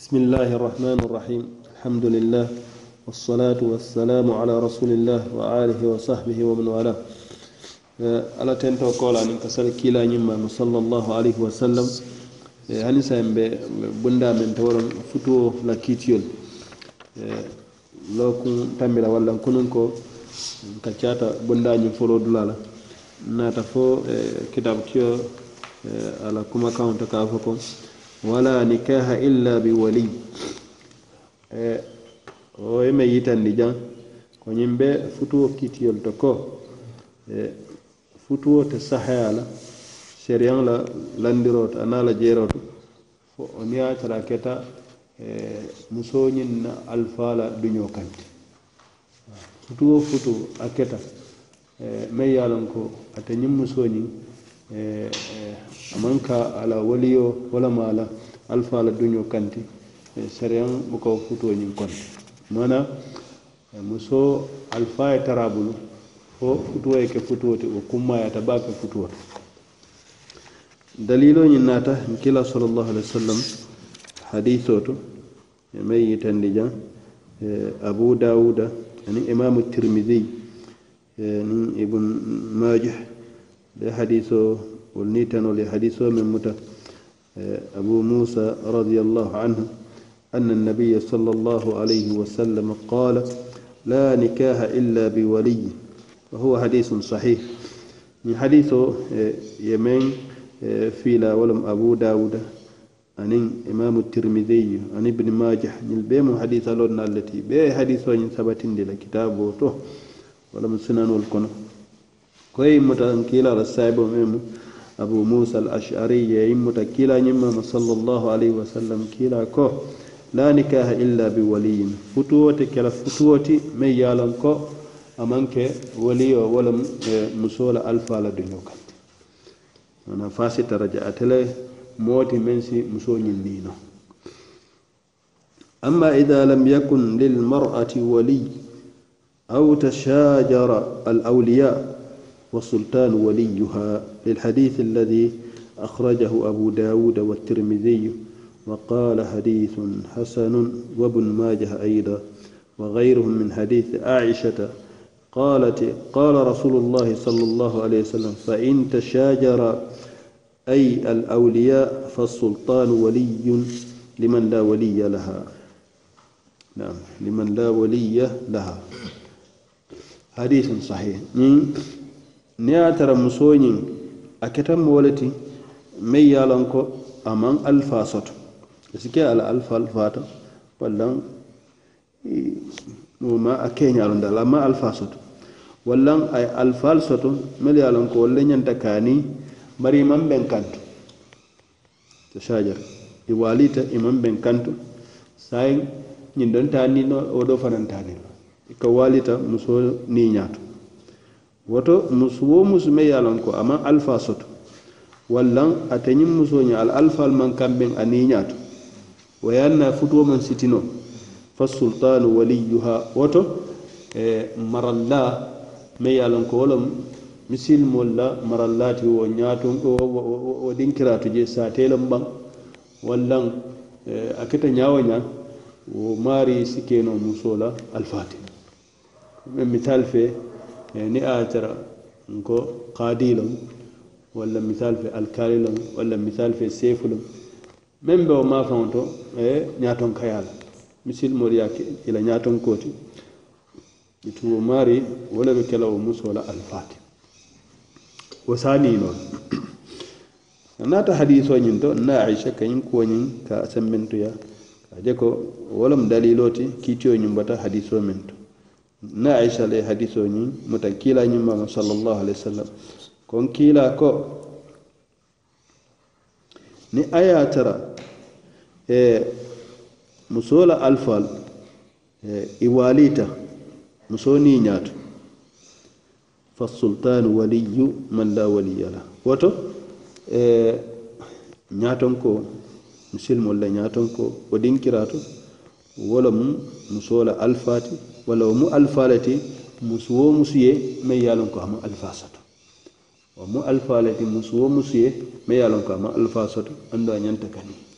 بسم الله الرحمن الرحيم الحمد لله والصلاة والسلام على رسول الله وآله وصحبه ومن والاه على تنتو قول عن كسر كيلا نما صلى الله عليه وسلم هني سام بندا من تور فتو لكيتيل لو كن تملا ولا كننكو كاتا بندا نفولو دلالا ناتفو كتاب كيو على كما كان تكافكم wala nikaha illa bi wali eh, o yime yitandi jan ko ñiŋ be futuwo kitiyol to ko eh, futuwo te sahaya la seriyan la landiroto ana la jeroto fo o niŋ ye a tara keta eh, muso ñiŋ na alfa la duño kanti futuwo futu a keta eh, maŋ ye a loŋ ko ate ñiŋ muso ñiŋ E, e, aman ka ala waliyo wala mala alfa ala duño kanti e, sariyan buka futoñin konte mana muso alfa ye tarabulu fo futuwo ye ke futuwo ti o kummayata ba ke futuwo ti daliloñin nata nkila salllahu alih wa sallam hadiso to may yitandi jan abu dawuda ani imamu tirmidhi ni ibn majih لحديثه والنيتن لحديثه من متى أبو موسى رضي الله عنه أن النبي صلى الله عليه وسلم قال لا نكاه إلا بولي وهو حديث صحيح من حديث يمين في لا ولم أبو داود أن إمام الترمذي عن ابن ماجه البيم حديث لنا التي بي حديث ثبت لكتابه ولم سنن الكنه كوي متا كيلا رسايب ميم ابو موسى الاشعري يم متا كيلا نيم صلى الله عليه وسلم كيلا كو لا نكاح الا بولي فتوتي كلا فتوتي مي يالن كو امانك ولي ولم مسول الفا لدنيوك انا فاسي ترجع اتلي موتي منسي مسو نينو اما اذا لم يكن للمراه ولي او تشاجر الاولياء والسلطان وليها للحديث الذي أخرجه أبو داود والترمذي وقال حديث حسن وابن ماجه أيضا وغيرهم من حديث عائشة قالت قال رسول الله صلى الله عليه وسلم فإن تشاجر أي الأولياء فالسلطان ولي لمن لا ولي لها نعم لمن لا ولي لها حديث صحيح Ni a tara musonyi, a keta moo mai ti a ko a man alfa soto i si ke a la alifa alifaata a kenya loŋ a maŋ soto Wallan a ye alifaal soto melu yalon ko wallan le ta kaani bari i maŋ beŋ kantu te ta i waaliita i maŋ beŋ kantu saayiŋ ñiŋ doŋ taa niŋ wo do fanaŋ taa niŋ i ka woto musuwo musume ye lon ko aman alpha soto wallan ateñin musoñi al alfal man kamben aniñatu wayanna futuwo man sitino fasultanu waliyuha woto e, maralla me ye lon ko wolo misilmol la marallati wo ñatun wo ɗinkiratu je satelon ɓan wallan e, a keta ñawo ñan wo mari sikeno musola alfatin misal fe ni ayatara nko qadi lon walla misal fe alkali lon walla misal fe seefu lon meme be o mafaŋo to e ñaton kayala misil mori ya ila ñaton koti ituwo mari wole be kela wo musola alfati wo sani non nata hadiso ñin to na aicha kañin kuwoñin ka semmentuya kaje ko wolem daliloti kiitiyo ñumbata hadiso men to ne aicha le hadiso ñin muta kiila ñimmama sallallahu alayhi wa sallam kon kiila ko ni aya tara e musola alfal e iwalita muso ni ñaatu fa sultanu waliyu man la waliyala woto e ñaaton ko musilmol le ñaaton ko o dinkiraato wolo mum musola alfati wala mu alfalati musu wo musu ye ma yalon ko ama alfa soto wa mu alfalati musu wo musu ye ma yalon ko ama alfa soto ando a ñanta kani